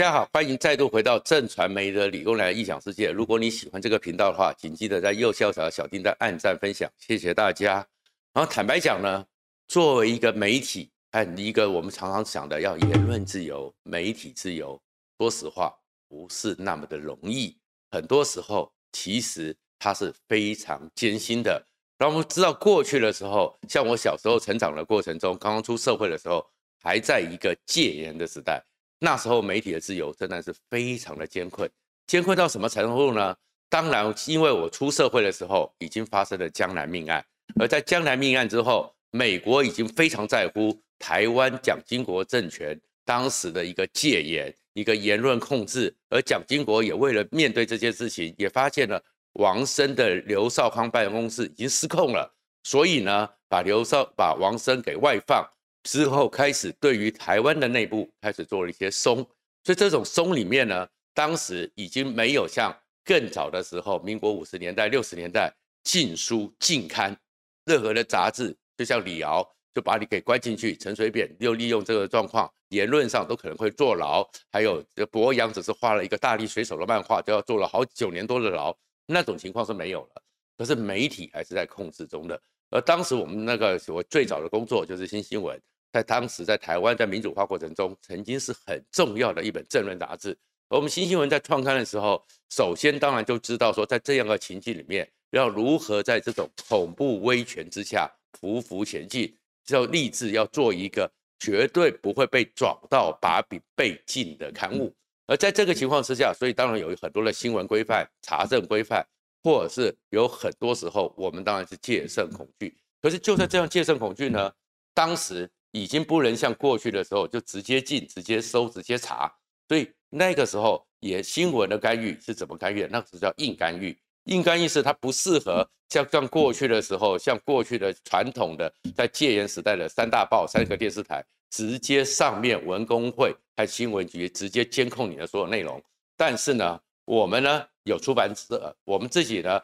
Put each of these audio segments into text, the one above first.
大家好，歡迎再度回到震傳媒的理工男的異想世界。如果你喜歡這個頻道的話，請記得在右下角小叮噹按讚分享，謝謝大家。然後坦白講呢，作為一個媒體，按一個我們常常講的要言論自由、媒體自由，說實話不是那麼的容易。很多時候，其實它是非常艱辛的。那我們知道，過去的時候，像我小時候成長的過程中，剛剛出社會的時候，還在一個戒嚴的時代。那時候媒體的自由真的是非常的艱困，艱困到什麼程度呢？當然，因為我出社會的時候已經發生了江南命案，而在江南命案之後，美國已經非常在乎台灣蔣經國政權當時的一個戒嚴、一個言論控制，而蔣經國也為了面對這件事情，也發現了王昇的劉少康辦公室已經失控了，所以呢，把劉少、把王昇給外放。之後開始對於台灣的內部開始做了一些鬆，所以這種鬆裡面呢，當時已經沒有像更早的時候，民國五十年代、六十年代禁書禁刊，任何的雜誌，就像李敖就把你給關進去，陳水扁又利用這個狀況，言論上都可能會坐牢，還有柏楊只是畫了一個大力水手的漫畫，就要坐了好九年多的牢，那種情況是沒有了，可是媒體還是在控制中的。而當時我們那個所謂最早的工作就是新新聞，在當時在台灣在民主化過程中，曾經是很重要的一本政論雜誌。而我們新新聞在創刊的時候，首先當然就知道說，在這樣的情境裡面，要如何在這種恐怖威權之下匍匐前進，就立志要做一個絕對不會被抓到把柄被禁的刊物。而在這個情況之下，所以當然有很多的新聞規範、查證規範。或者是有很多時候，我們當然是戒慎恐懼。可是就在這樣戒慎恐懼呢，當時已經不能像過去的時候就直接進、直接搜、直接查。所以那個時候也新聞的干預是怎麼干預？那個時候叫硬干預。硬干預是它不適合像像過去的時候，像過去的傳統的在戒嚴時代的三大報、三個電視台，直接上面文工會、還新聞局直接監控你的所有內容。但是呢，我們呢有出版社，我們自己呢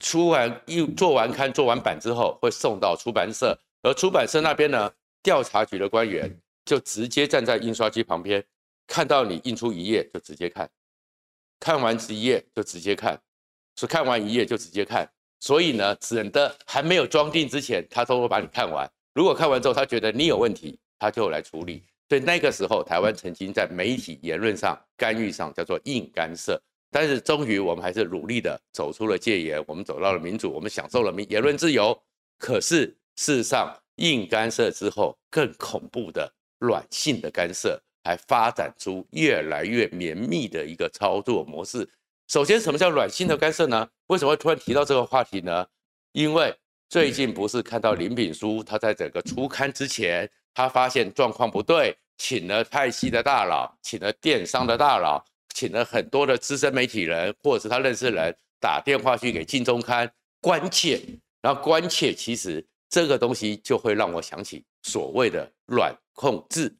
出完一做完刊、做完版之後，會送到出版社。而出版社那邊呢，調查局的官員就直接站在印刷機旁邊，看到你印出一頁就直接看，看，看，看完一頁就直接看，是看完一頁就直接看。所以呢，整個還沒有裝訂之前，他都會把你看完。如果看完之後他覺得你有問題，他就來處理。所以那個時候，台灣曾經在媒體言論上干預上，叫做硬干涉。但是終於，我們還是努力地走出了戒嚴，我們走到了民主，我們享受了民言論自由。可是，事實上，硬干涉之後，更恐怖的軟性的干涉，還發展出越來越綿密的一個操作模式。首先，什麼叫軟性的干涉呢？為什麼會突然提到這個話題呢？因為最近不是看到林炳書，他在整個出刊之前，他發現狀況不對，請了派系的大佬，請了電商的大佬。請了很多的資深媒體人，或者是他認識的人，打電話去給《鏡週刊》關切，然後關切其實這個東西就會讓我想起所謂的軟控制。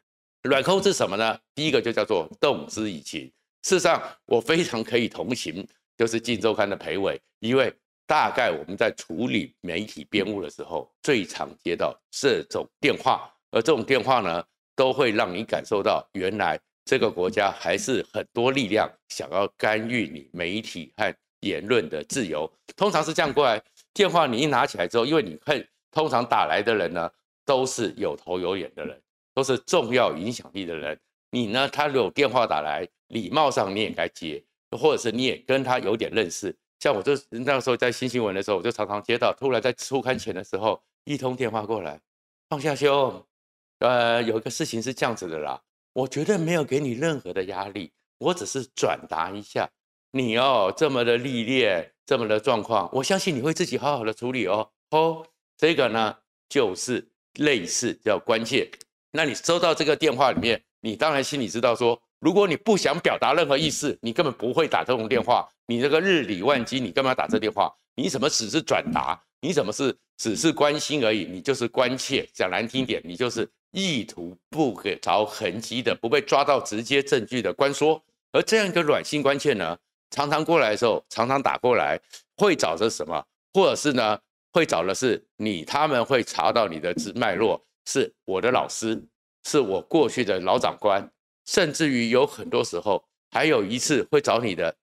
軟控制什麼呢？第一個就叫做動之以情。事實上，我非常可以同情，就是《鏡週刊》的裴偉，因為大概我們在處理媒體編務的時候，最常接到這種電話，而這種電話呢，都會讓你感受到原來。這個國家還是很多力量想要干預你媒體和言論的自由，通常是這樣過來電話，你一拿起來之後，因為你看通常打來的人呢，都是有頭有臉的人，都是重要影響力的人。你呢，他如果電話打來，禮貌上你也該接，或者是你也跟他有點認識。像我就那時候在新新聞的時候，我就常常接到，突然在出刊前的時候，一通電話過來，創夏兄，呃，有一個事情是這樣子的啦。我絕對沒有給你任何的壓力，我只是轉達一下，你哦這麼的歷練，這麼的狀況，我相信你會自己好好的處理哦。哦，這個呢就是類似叫關切。那你收到這個電話裡面，你當然心裡知道說，如果你不想表達任何意思，你根本不會打這種電話。你這個日理萬機，你幹嘛打這電話？你什麼只是轉達？你什麼是只是關心而已？你就是關切，講難聽點，你就是。意圖不着痕跡的，不被抓到直接證據的關說，而這樣一個軟性關切呢，常常過來的時候，常常打過來，會找着什麼？或者是呢，會找的是你，他們會查到你的脈絡，是我的老師，是我過去的老長官，甚至於有很多時候，還有一次會找你的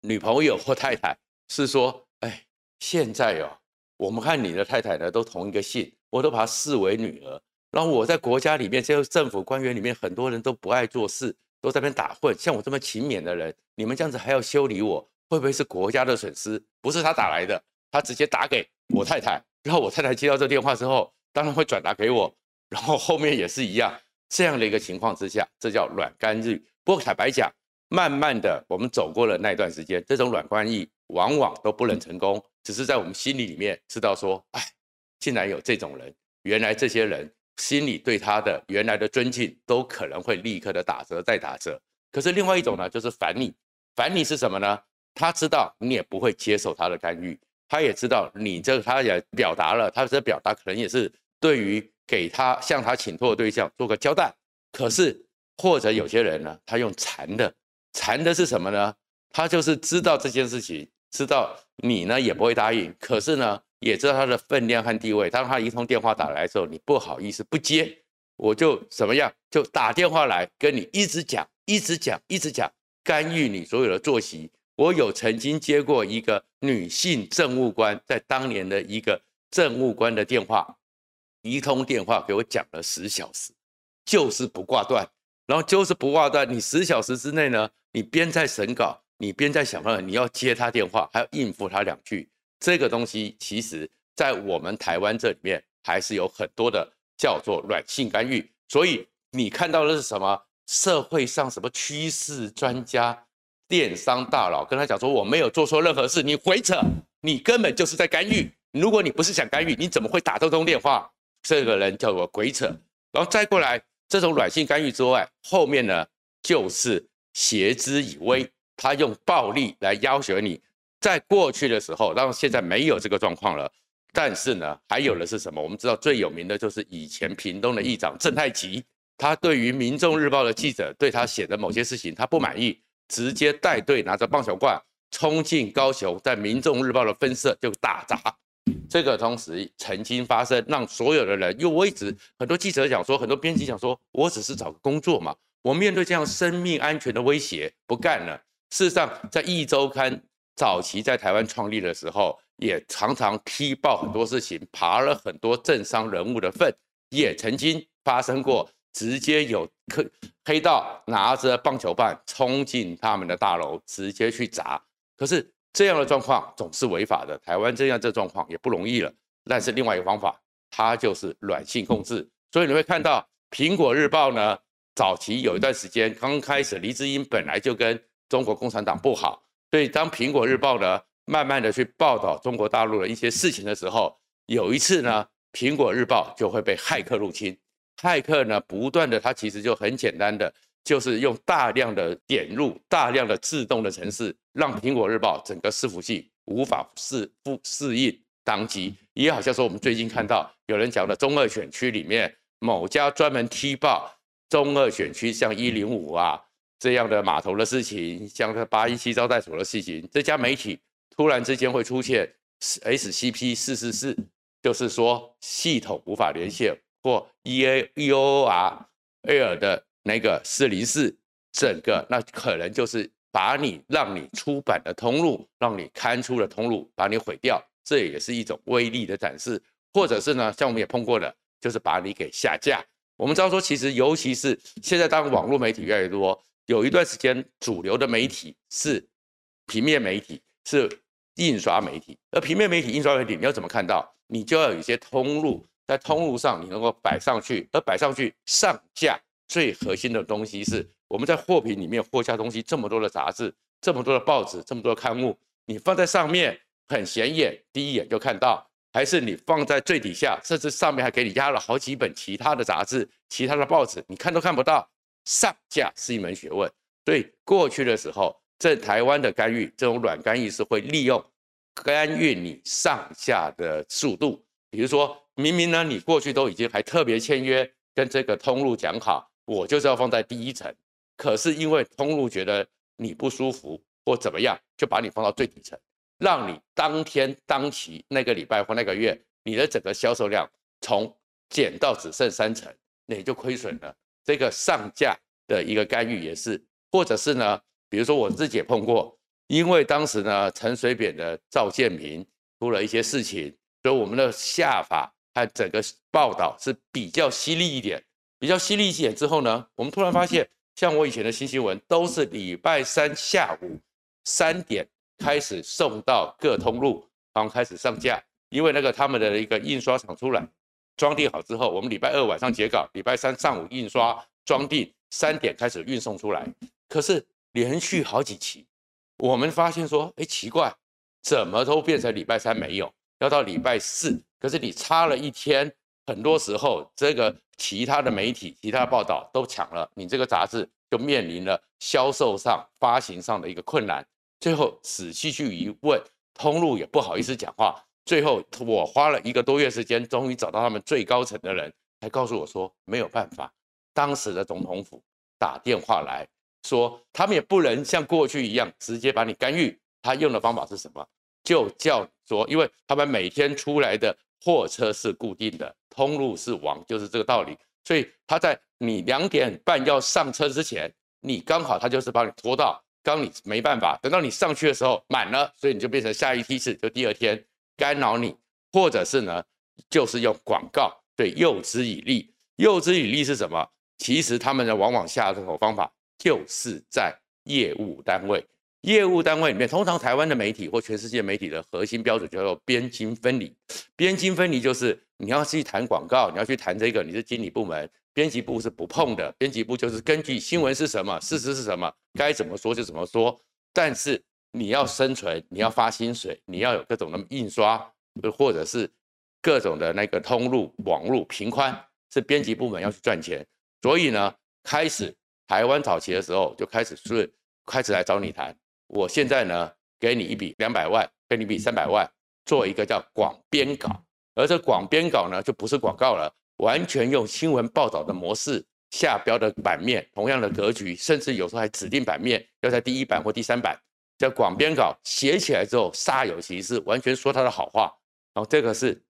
女朋友或太太，是說，哎，現在哦，我們和你的太太呢，都同一個姓，我都把她視為女兒。然後我在國家裡面，這些政府官員裡面，很多人都不愛做事，都在那邊打混。像我這麼勤勉的人，你們這樣子還要修理我，會不會是國家的損失？不是他打來的，他直接打給我太太。然後我太太接到這電話之後，當然會轉達給我。然後後面也是一樣，這樣的一個情況之下，這叫軟干預。不過坦白講，慢慢的我們走過了那段時間，這種軟干預往往都不能成功，只是在我們心裡裡面知道說，哎，竟然有這種人，原來這些人。心裡對他的原來的尊敬都可能會立刻的打折再打折。可是另外一種呢，就是煩你。煩你是什麼呢？他知道你也不會接受他的干預，他也知道你這，他也表達了，他的表達可能也是對於給他向他請託的對象做個交代。可是或者有些人呢，他用纏的，纏的是什麼呢？他就是知道這件事情，知道你呢也不會答應。可是呢，也知道他的分量和地位，當他一通電話打來的時候，你不好意思不接，我就怎麼樣，就打電話來跟你一直講，一直講，一直講，干預你所有的作息。我有曾經接過一個女性政務官，在當年的一個政務官的電話，一通電話給我講了十小時，就是不掛斷，然後就是不掛斷。你十小時之內呢，你邊在審稿，你邊在想辦法，你要接他電話，還要應付他兩句。這個東西其實，在我們台灣這裡面還是有很多的叫做軟性干預。所以你看到的是什麼？社會上什麼趨勢專家、電商大佬跟他講說：“我沒有做錯任何事。”你鬼扯，你根本就是在干預。如果你不是想干預，你怎麼會打這通電話？這個人叫做鬼扯，然後再過來這種軟性干預之外，後面呢，就是挾之以威，他用暴力來要挾你。在過去的時候，當然現在沒有這個狀況了。但是呢，還有的是什麼？我們知道最有名的就是以前屏東的議長鄭太吉，他對於《民眾日報》的記者對他寫的某些事情，他不滿意，直接帶隊拿着棒球棍，衝進高雄，在《民眾日報》的分社就打砸。這個同時曾經發生，讓所有的人，因為我一直很多記者想說，很多編輯想說，我只是找個工作嘛，我面對這樣生命安全的威脅，不幹了。事實上，在《壹週刊》。早期在台灣創立的時候，也常常踢爆很多事情，扒了很多政商人物的糞，也曾經發生過直接有黑黑道拿着棒球棒衝進他們的大樓，直接去砸。可是這樣的狀況總是違法的，台灣這樣這狀況也不容易了。但是另外一個方法，它就是軟性控制。所以你會看到《蘋果日報》呢，早期有一段時間，剛開始黎智英本來就跟中國共產黨不好。所以，當《蘋果日報》呢慢慢的去報道中國大陸的一些事情的時候，有一次呢，《蘋果日報》就會被駭客入侵。駭客呢不斷的，它其實就很簡單的，就是用大量的點入、大量的自動的程式，讓《蘋果日報》整個伺服器無法適不適應當機。也好像說，我們最近看到有人講的中二選區裡面，某家專門踢爆中二選區，像一零五啊。這樣的碼頭的事情，像這八一七招待所的事情，這家媒體突然之間會出現 SCP 四四四，就是說系統無法連線或 E A E O R L 的那個四零四，整個那可能就是把你讓你出版的通路，讓你刊出的通路，把你毀掉，這也是一種威力的展示，或者是呢，像我們也碰過的，就是把你給下架。我們知道說，其實尤其是現在，當網絡媒體越來越多。有一段時間，主流的媒體是平面媒體，是印刷媒體。而平面媒體、印刷媒體，你要怎麼看到？你就要有一些通路，在通路上你能夠擺上去，而擺上去上架最核心的東西是我們在貨品裡面貨架東西這麼多的雜誌，這麼多的報紙，這麼多刊物，你放在上面很顯眼，第一眼就看到；還是你放在最底下，甚至上面還給你壓了好幾本其他的雜誌、其他的報紙，你看都看不到。上架是一門學問，所以過去的時候，在台灣的干預，這種軟干預是會利用干預你上架的速度。比如說明明呢，你過去都已經還特別簽約跟這個通路講好，我就是要放在第一層，可是因為通路覺得你不舒服或怎麼樣，就把你放到最底層，讓你當天當期那個禮拜或那個月，你的整個銷售量從減到只剩三成，那也就虧損了。這個上架的一個干預也是，或者是呢，比如說我自己也碰過，因為當時呢，陳水扁的趙建銘出了一些事情，所以我們的下法和整個報道是比較犀利一點，比較犀利一點之後呢，我們突然發現，像我以前的新新聞都是禮拜三下午三點開始送到各通路，然後開始上架，因為那個他們的一個印刷廠出來。裝訂好之後，我們禮拜二晚上截稿，禮拜三上午印刷裝訂，三點開始運送出來。可是連續好幾期，我們發現說，哎、欸，奇怪，怎麼都變成禮拜三沒有？要到禮拜四，可是你差了一天，很多時候這個其他的媒體、其他的報道都搶了，你這個雜誌就面臨了銷售上、發行上的一個困難。最後仔細去一問，通路也不好意思講話。最後，我花了一個多月時間，終於找到他們最高層的人，才告訴我說沒有辦法。當時的總統府打電話來說，他們也不能像過去一樣直接把你干預。他用的方法是什麼？就叫做，因為他們每天出來的貨車是固定的，通路是王，就是這個道理。所以他在你兩點半要上車之前，你剛好他就是把你拖到，剛你沒辦法。等到你上去的時候滿了，所以你就變成下一梯次，就第二天。干擾你，或者是呢，就是用廣告對誘之以利。誘之以利是什麼？其實他們呢，往往下這種方法，就是在業務單位。業務單位裡面，通常台灣的媒體或全世界媒體的核心標準叫做編經分離。編經分離就是你要去談廣告，你要去談這個，你是經理部門，編輯部是不碰的。編輯部就是根據新聞是什麼，事實是什麼，該怎麼說就怎麼說。但是。你要生存，你要發薪水，你要有各種的印刷，或者是各種的那個通路、網路、頻寬，是編輯部門要去賺錢。所以呢，開始台灣早期的時候就開始是開始來找你談。我現在呢，給你一筆兩百萬，給你一筆三百萬，做一個叫廣編稿。而這廣編稿呢，就不是廣告了，完全用新聞報道的模式，下標的版面，同樣的格局，甚至有時候還指定版面要在第一版或第三版。在廣編稿寫起來之後，煞有其事，完全說他的好話。然後這個是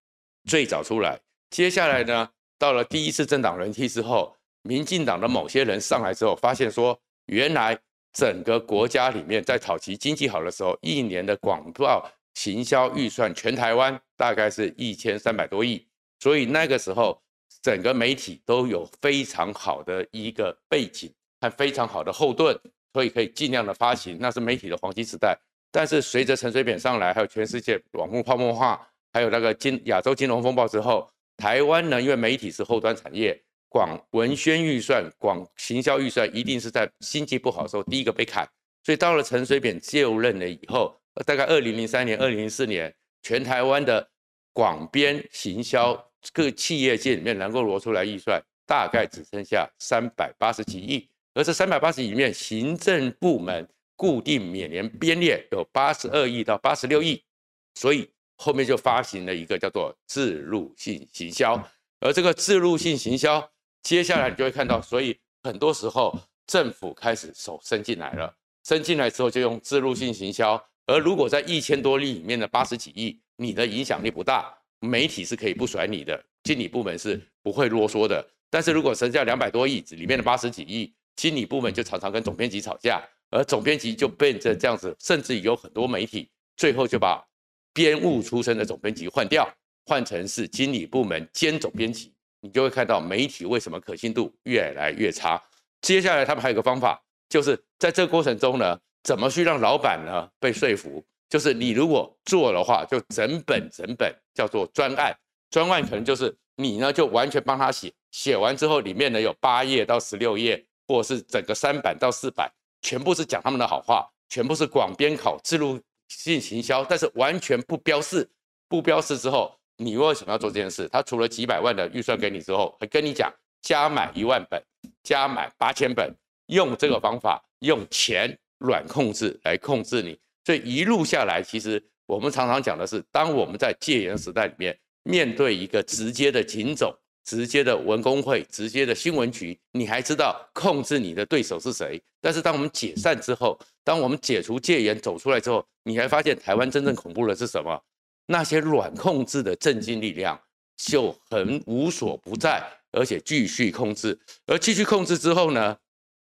最早出來。接下來呢，到了第一次政黨輪替之後，民進黨的某些人上來之後，發現說，原來整個國家裡面在早期經濟好的時候，一年的廣告行銷預算全台灣大概是一千三百多億，所以那個時候整個媒體都有非常好的一個背景和非常好的後盾。所以可以盡量的發行，那是媒體的黃金時代。但是隨着陳水扁上來，還有全世界網路泡沫化，還有那個金亞洲金融風暴之後，台灣呢，因為媒體是後端產業，廣文宣預算、廣行銷預算一定是在經濟不好的時候第一個被砍。所以到了陳水扁就任了以後，大概二零零三年、二零零四年，全台灣的廣編行銷各企業界裡面能夠挪出來預算，大概只剩下三百八十幾億。而是三百八十裡面，行政部門固定每年編列有八十二億到八十六億，所以後面就發行了一個叫做置入性行銷。而這個置入性行銷，接下來你就會看到，所以很多時候政府開始手伸進來了，伸進來之後就用置入性行銷。而如果在一千多億裡面的八十幾億，你的影響力不大，媒體是可以不甩你的，經理部門是不會囉嗦的。但是如果伸到兩百多億裡面的八十幾億，經理部門就常常跟總編輯吵架，而總編輯就變成這樣子，甚至有很多媒體最後就把編務出身的總編輯換掉，換成是經理部門兼總編輯，你就會看到媒體為什麼可信度越來越差。接下來他們還有個方法，就是在這個過程中呢，怎麼去讓老闆呢被說服？就是你如果做的話，就整本整本叫做專案，專案可能就是你呢就完全幫他寫，寫完之後裡面呢有八頁到十六頁。或是整個三版到四版，全部是講他們的好話，全部是廣編稿、置入性行銷，但是完全不標示。不標示之後，你如果想要做這件事，他除了幾百萬的預算給你之後，還跟你講加買一萬本，加買八千本，用這個方法，用錢軟控制來控制你。所以一路下來，其實我們常常講的是，當我們在戒嚴時代裡面，面對一個直接的警總。直接的文工會，直接的新聞局，你還知道控制你的對手是誰？但是當我們解散之後，當我們解除戒嚴走出來之後，你還發現台灣真正恐怖的是什麼？那些軟控制的政經力量就很無所不在，而且繼續控制。而繼續控制之後呢，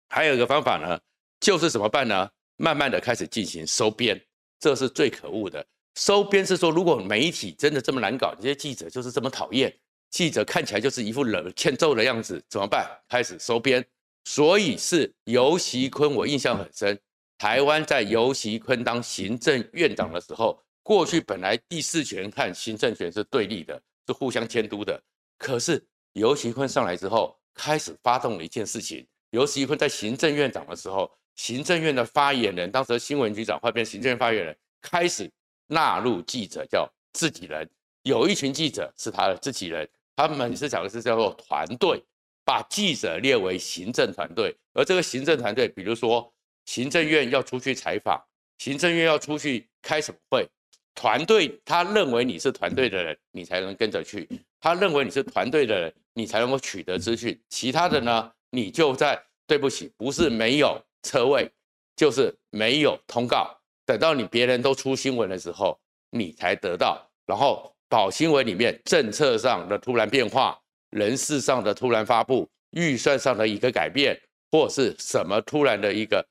還有一個方法呢，就是怎麼辦呢？慢慢的開始進行收編，這是最可惡的。收編是說，如果媒體真的這麼難搞，這些記者就是這麼討厭。記者看起來就是一副冷欠揍的樣子，怎麼辦？開始收編，所以是游錫堃。我印象很深，台灣在游錫堃當行政院長的時候，過去本來第四權和行政權是對立的，是互相監督的。可是游錫堃上來之後，開始發動了一件事情。游錫堃在行政院長的時候，行政院的發言人，當時的新聞局長換成行政院發言人，開始納入記者，叫自己人。有一群記者是他的自己人。他們是講的是叫做團隊，把記者列為行政團隊，而這個行政團隊，比如說行政院要出去採訪，行政院要出去開什麼會，團隊他認為你是團隊的人，你才能跟着去；他認為你是團隊的人，你才能夠取得資訊。其他的呢，你就在對不起，不是沒有車位，就是沒有通告。等到你別人都出新聞的時候，你才得到。然後。保新聞裡面政策上的突然變化、人事上的突然發佈、預算上的一個改變，或是什麼突然的一個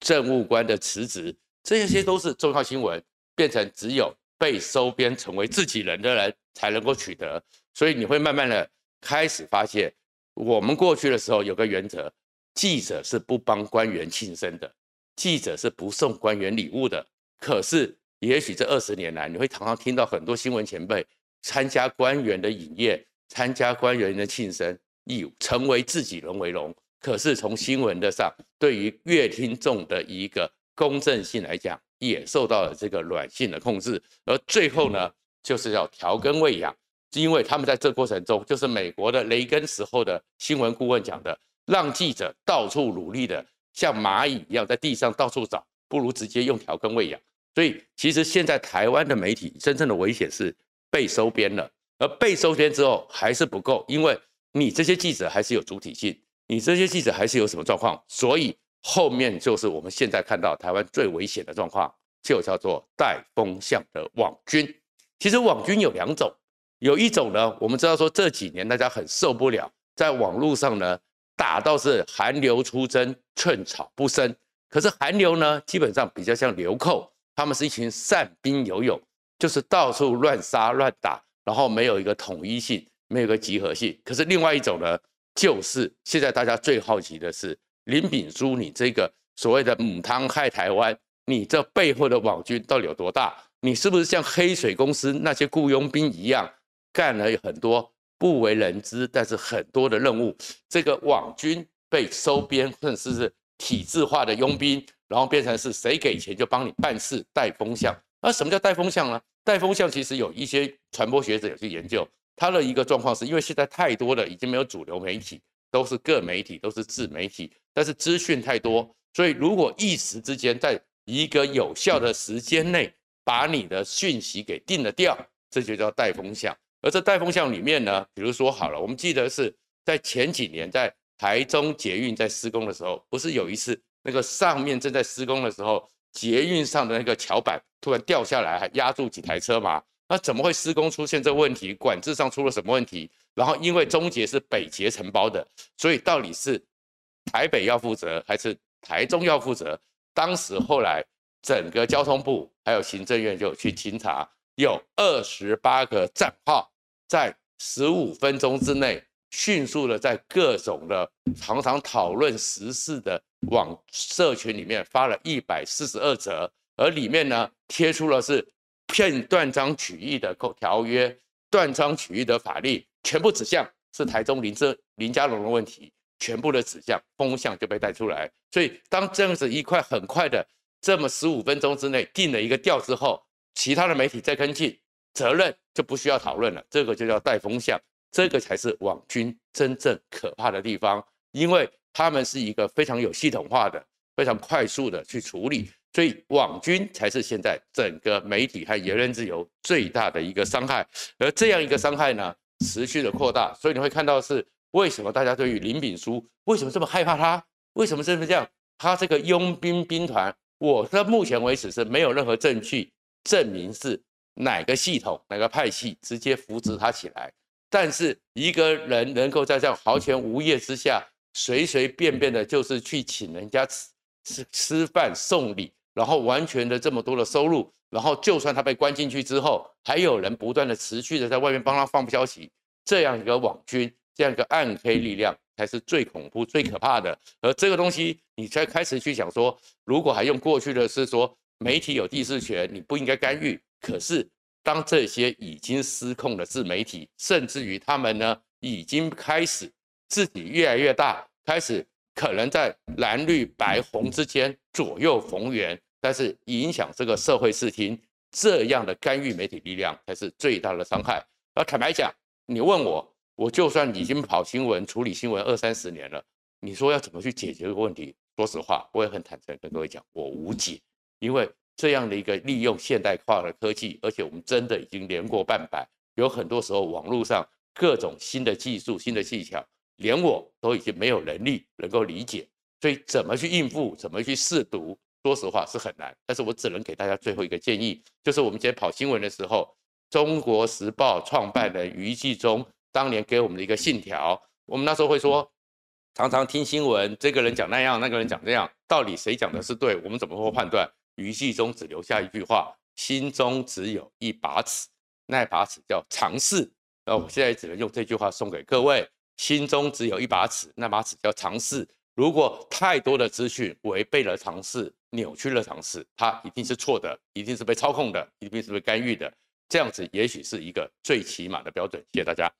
政務官的辭職，這些都是重要新聞，變成只有被收編成為自己人的人才能夠取得。所以你會慢慢的開始發現，我們過去的時候有個原則：記者是不幫官員慶生的，記者是不送官員禮物的。可是。也許這二十年來，你會常常聽到很多新聞前輩參加官員的飲宴、參加官員的慶生，以成為自己人為榮。可是從新聞的上，對於閱聽眾的一個公正性來講，也受到了這個軟性的控制。而最後呢，就是要調羹餵養，是因為他們在這過程中，就是美國的雷根時候的新聞顧問講的，讓記者到處努力的像螞蟻一樣在地上到處找，不如直接用調羹餵養。所以，其實現在台灣的媒體真正的危險是被收編了，而被收編之後還是不夠，因為你這些記者還是有主體性，你這些記者還是有什麼狀況，所以後面就是我們現在看到台灣最危險的狀況，就叫做帶風向的網軍。其實網軍有兩種，有一種呢，我們知道說這幾年大家很受不了，在網絡上呢打到，是韓流出征，寸草不生，可是韓流呢，基本上比較像流寇。他們是一群散兵游勇，就是到處亂殺亂打，然後沒有一個統一性，沒有一個集合性。可是另外一種呢，就是現在大家最好奇的是林秉樞，你這個所謂的“母湯害台灣”，你這背後的網軍到底有多大？你是不是像黑水公司那些雇傭兵一樣，幹了很多不為人知，但是很多的任務？這個網軍被收編，甚至是體制化的傭兵？然後變成是誰給錢就幫你辦事帶風向，那什麼叫帶風向呢？帶風向其實有一些傳播學者有去研究，他的一個狀況是，因為現在太多的已經沒有主流媒體，都是各媒體，都是自媒體，但是資訊太多，所以如果一時之間在一個有效的時間內把你的訊息給定了掉，這就叫帶風向。而這帶風向裡面呢，比如說好了，我們記得是在前幾年在台中捷運在施工的時候，不是有一次。那個上面正在施工的時候，捷運上的那個橋板突然掉下來，還壓住幾台車嘛？那怎麼會施工出現這問題？管制上出了什麼問題？然後因為中捷是北捷承包的，所以到底是台北要負責還是台中要負責？當時後來整個交通部還有行政院就去清查，有二十八個帳號在十五分鐘之內。迅速的在各種的常常討論時事的網社群裡面發了一百四十二則，而裡面呢貼出了是騙斷章取義的條約、斷章取義的法律，全部指向是台中林正林佳龍的問題，全部的指向風向就被帶出來。所以當這樣子一塊很快的這麼十五分鐘之內定了一個調之後，其他的媒體在跟進，責任就不需要討論了，這個就叫帶風向。這個才是網軍真正可怕的地方，因為他們是一個非常有系統化的、非常快速的去處理，所以網軍才是現在整個媒體和言論自由最大的一個傷害。而這樣一個傷害呢，持續的擴大，所以你會看到是為什麼大家對於林秉樞為什麼這麼害怕他，為什麼這麼這樣？他這個傭兵兵團，我到目前為止是沒有任何證據證明是哪個系統、哪個派系直接扶持他起來。但是一個人能夠在這樣豪權無業之下，隨隨便便，便的，就是去請人家吃吃吃飯、送禮，然後完全的這麼多的收入，然後就算他被關進去之後，還有人不斷的持續的在外面幫他放消息，這樣一個網軍，這樣一個暗黑力量，才是最恐怖、最可怕的。而這個東西，你才開始去想說，如果還用過去的是說媒體有第四權，你不應該干預，可是。當這些已經失控的自媒體，甚至於他們呢，已經開始自己越來越大，開始可能在藍綠白紅之間左右逢源，但是影響這個社會視聽，這樣的干預媒體力量才是最大的傷害。坦白講，你問我，我就算已經跑新聞、處理新聞二三十年了，你說要怎麼去解決這個問題？說實話，我也很坦誠跟各位講，我無解，因為。這樣的一個利用現代化的科技，而且我們真的已經年過半百，有很多時候網絡上各種新的技術、新的技巧，連我都已經沒有能力能夠理解。所以怎麼去應付、怎麼去試讀，說實話是很難。但是我只能給大家最後一個建議，就是我們今天跑新聞的時候，《中國時報》創辦人余紀忠，當年給我們的一個信條。我們那時候會說，常常聽新聞，這個人講那樣，那個人講這樣，到底誰講的是對？我們怎麼會判斷？余紀忠只留下一句話：心中只有一把尺，那把尺叫常識。那我現在只能用這句話送給各位：心中只有一把尺，那把尺叫常識。如果太多的資訊違背了常識，扭曲了常識，它一定是錯的，一定是被操控的，一定是被干預的。這樣子也許是一個最起碼的標準。謝謝大家。